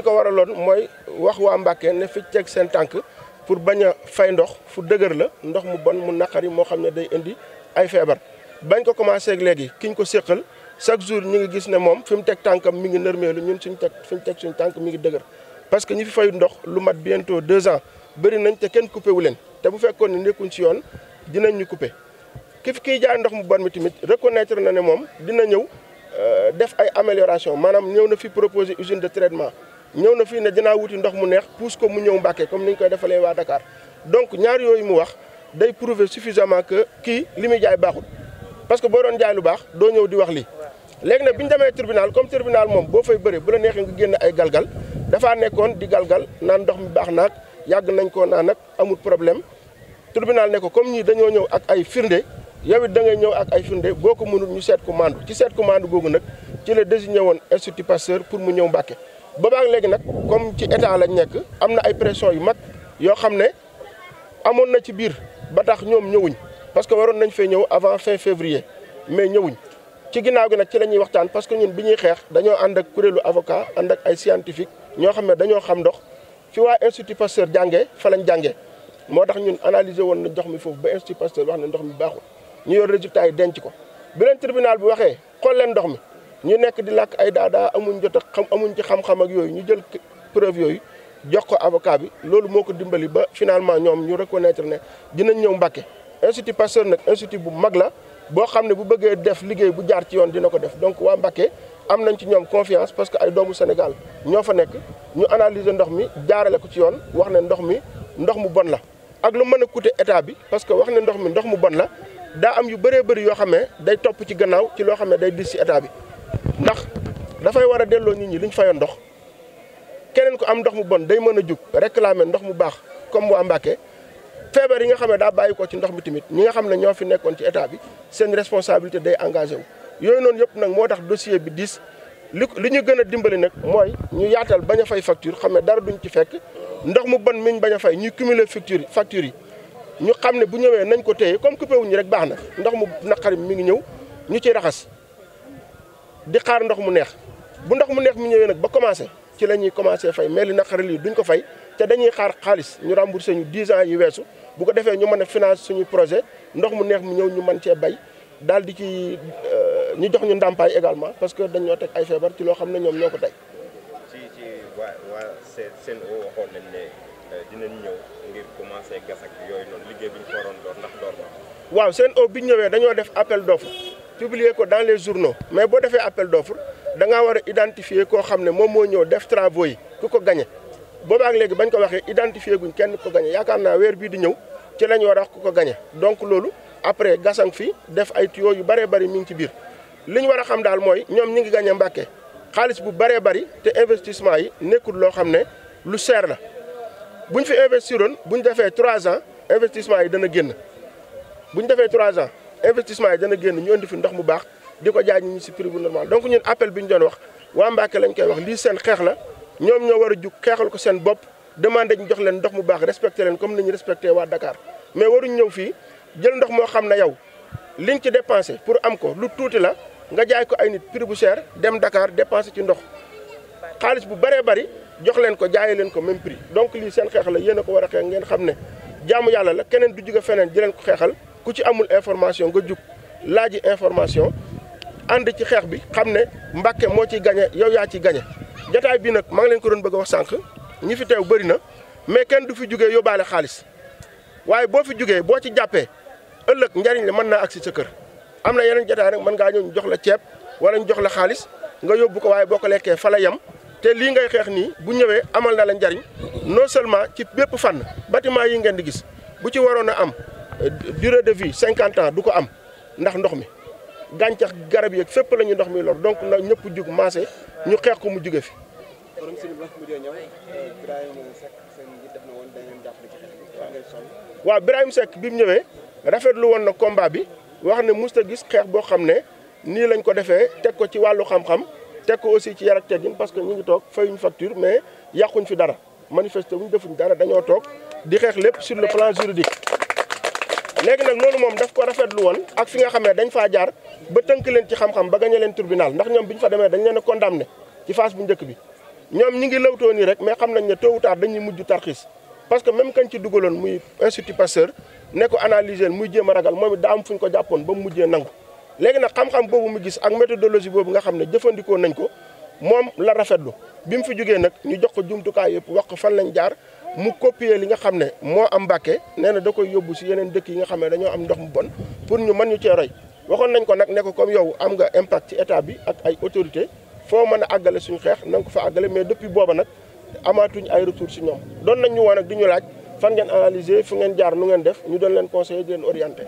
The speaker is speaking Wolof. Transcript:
li ko waraloon mooy wax waa Mbàkke ne fi teg seen tànk pour bañ a fay ndox fu dëgër la ndox mu bon mu naqari moo xam ne day indi ay feebar. bañ ko commencé ak léegi ki ñu ko séqal chaque jour ñu ngi gis ne moom fi mu teg tànkam mi ngi nërmeelu ñun suñu teg fi mu teg suñu tànk mi ngi dëgër. parce que ñi fi fay ndox lu mat bientôt deux ans bëri nañ te kenn coupé wu leen te bu fekkoon ni nekkuñ si yoon dinañ ñu coupé ki fi kiy jaay ndox mu bon mi tamit reconnaitre na ne moom dina ñëw. Euh, def ay amélioration maanaam ñëw na fi proposer usine de traitement ñëw na fii ne dinaa wuti ndox mu neex puus ko mu ñëw Mbàkke comme ni ñu koy defalee waa Dakar donc ñaar yooyu mu wax day prouver suffisamment kii li muy jaay baaxul parce que boo doon jaay lu baax doo ñëw di wax lii. léegi nag bi ñu demee tribunal comme tribunal moom boo fay bëree bu la neexee nga génn ay galgal dafaa nekkoon di galgal naan ndox mi baax naag yàgg nañ ko naan nag amul problème tribunal ne ko comme ñii dañoo ñëw ak ay firnde. yow it da ngay ñëw ak ay firnde boo ko mënul ñu seet commande ci seet commande googu nag ci la désigné woon institut pour mu ñëw Mbàkke ba baax léegi nag comme ci état lañ nekk am na ay pression yu mag yoo xam ne amoon na ci biir ba tax ñoom ñëwuñ parce que waroon nañ fee ñëw avant fin février mais ñëwuñ ci ginnaaw gi nag ci la ñuy waxtaan parce que ñun bi ñuy xeex dañoo ànd ak kuréelu avocat ànd ak ay scientifique ñoo xam ne dañoo xam ndox fi waa institut Pasteur jànge fa lañ jànge moo tax ñun analyser woon na ndox mi foofu ba institut Pasteur wax na ndox mi baaxul ñu yor résultat yi denc ko bi leen bi waxee xool leen ndox mi. ñu nekk di lakk ay daadaa amuñ jot a xam amuñ ji xam-xam ak yooyu ñu jël preuve yooyu jox ko avocat bi loolu moo ko dimbali ba finalement ñoom ñu reconnaître ne dinañ ñëw Mbàkke institut Pasteur nag institut bu mag la boo xam ne bu bëggee def liggéey bu jaar ci yoon dina ko def donc waa Mbàkke am nañ ci ñoom confiance parce que ay doomu Sénégal ñoo fa nekk ñu analyser ndox mi jaarale ko ci yoon wax ne ndox mi ndox mu bon la ak lu mën ne coûter état bi parce que wax ne ndox mi ndox mu bon la daa am yu bëree bëri yoo xam ne day topp ci gannaaw ci loo xam ne day dis ci état bi ndax dafay war a delloo nit ñi li ñu fayoon ndox keneen ku am ndox mu bon day mën a jug réclamer ndox mu baax comme waa Mbacké feebar yi nga xam ne daa bàyyi ko ci ndox mi tamit ñi nga xam ne ñoo fi nekkoon ci état bi seen responsabilité day engagé wu. yooyu noonu yëpp nag moo tax dossier bi diis li li ñu gën a dimbali nag mooy ñu yaatal bañ a fay facture xam ne dara duñ ci fekk ndox mu bon miñ bañ a fay ñuy cumuler facture facture yi ñu xam ne bu ñëwee nañ ko téye comme coupé wuñu rek baax na ndox mu naqari mi ngi ñëw ñu ci raxas. di xaar ndox mu neex bu ndox mu neex mu ñëwee nag ba commencé ci la ñuy commencé fay mais li xaril yi duñ ko fay te dañuy xaar xaalis ñu remboursé ñu 10 ans yi weesu bu ko defee ñu mën a financer suñu projet ndox mu neex mu ñëw ñu mën cee bay daal di ci euh, ñu jox ñu ndàmpaay également parce que dañoo ñoo teg ay feebar ci loo xam ne ñoom ñoo ko tey. ci ci waa waa seen nañ ne euh, dinañ ñëw ngir commencé gas yooyu noonu liggéey bi ñu ko waroon door ndax door na. waaw seen o bi ñu ñëwee dañoo def appel d'offre publier ko dans les journaux mais boo defee appel d'offre da ngaa war a koo xam ne moom moo ñëw def travaux yi ku ko gañe boobaak léegi bañ ko waxee identifier guñ kenn ko gañe yaakaar naa weer bii di ñëw ci lañ war a wax ku ko gañe donc loolu après gasang fi def ay tuyaux yu bëree bëri mi ngi ci biir li ñu war a xam daal mooy ñoom ñi ngi gañe Mbàkke xaalis bu bëree bari te investissement yi nekkul loo xam ne lu seer na buñ ñu fi investiroon bu ñu defee trois ans investissement yi dana génn bu ñu trois ans investissement yi dana génn ñoo indi fi ndox mu baax di ko jaay ñu si prix bu normal donc ñun appel bi ñu doon wax waa Mbacke lañ koy wax lii seen xeex la ñoom ñoo war a jug xeexal ko seen bopp demandé ñu jox leen ndox mu baax respecté leen comme ni ñu respecté waa Dakar war waruñ ñëw fii jël ndox moo xam ne yow liñ ci dépensé pour am ko lu tuuti la nga jaay ko ay nit prix bu cher dem dakaar dépensé ci ndox xaalis bu bëree bëri jox leen ko jaayee leen ko même prix donc lii seen xeex la yéen a ko a xeex ngeen xam ne jaamu yàlla la keneen du jóge feneen di ko xeexal ku ci amul information nga jug laaji information ànd ci xeex bi xam ne Mbàkke moo ciy gañe yow yaa ciy gañe jataay bi nag maa ngi leen ko doon bëgg a sànq ñi fi teew bëri na mais kenn du fi jugee yóbbaale xaalis waaye boo fi jugee boo ci jàppee ëllëg njariñ la mën naa agsi sa kër am na yeneen jataay rek mën ngaa ñëw jox la ceeb wala ñu jox la xaalis nga yóbbu ko waaye boo ko lekkee fa la yem te lii ngay xeex nii bu ñëwee amal na la njariñ non seulement ci bépp fànn bâtiment yi ngeen di gis bu ci waroon a am durée de vie cinquante ans du ko am ndax mi gàncax garab yeeg fépp la ñu ndox mi lor donc nag ñëpp jug maase ñu xeex ko mu jóge fi. borom si mu ñëw euh, Birahim Seck seen woon na combat bi wax ne musta gis xeex boo xam ne nii lañ ko defee teg ko ci wàllu xam-xam teg ko aussi ci yar ak teggin parce que ñu ngi toog fayuñ facture mais yàquñ fi dara manifester wuñ defuñ dara dañoo toog di xeex lépp sur le plan juridique. léegi nag loolu moom daf ko rafetlu woon ak fi nga xamee dañ faa jaar ba tënk leen ci xam-xam ba gañe leen ndax ñoom bi ñu fa demee dañ leene a condamné ci phase bu njëkk bi ñoom ñi ngi lawtoo nii rek mais xam nañ ne tôt ou tard dañuy mujj tarxiis parce que même kañ ci dugaloon muy institut Pasteur ne ko analyser muy jéem a ragal moom it daa am fu ko jàppoon ba mu mujjee nangu léegi nag xam-xam boobu mu gis ak méthodologie boobu nga xam ne jëfandikoo nañ ko moom la rafetlu bi mu fi jógee nag ñu jox ko jumtukaay yëpp wax ko fan lañ jaar mu copier li nga xam ne moo am Mbàkke nee na da koy yóbbu si yeneen dëkk yi nga xam ne dañoo am ndox mu bon pour ñu mën ñu cee roy waxoon nañ ko nag ne ko comme yow am nga impact ci état bi ak ay autorité foo mën a àggale suñu xeex na ko fa àggale mais depuis booba nag amaatuñ ay retour si ñoom doon nañu woon ak di ñu laaj fan ngeen analyser fu ngeen jaar lu ngeen def ñu doon leen conseiller di leen orienter.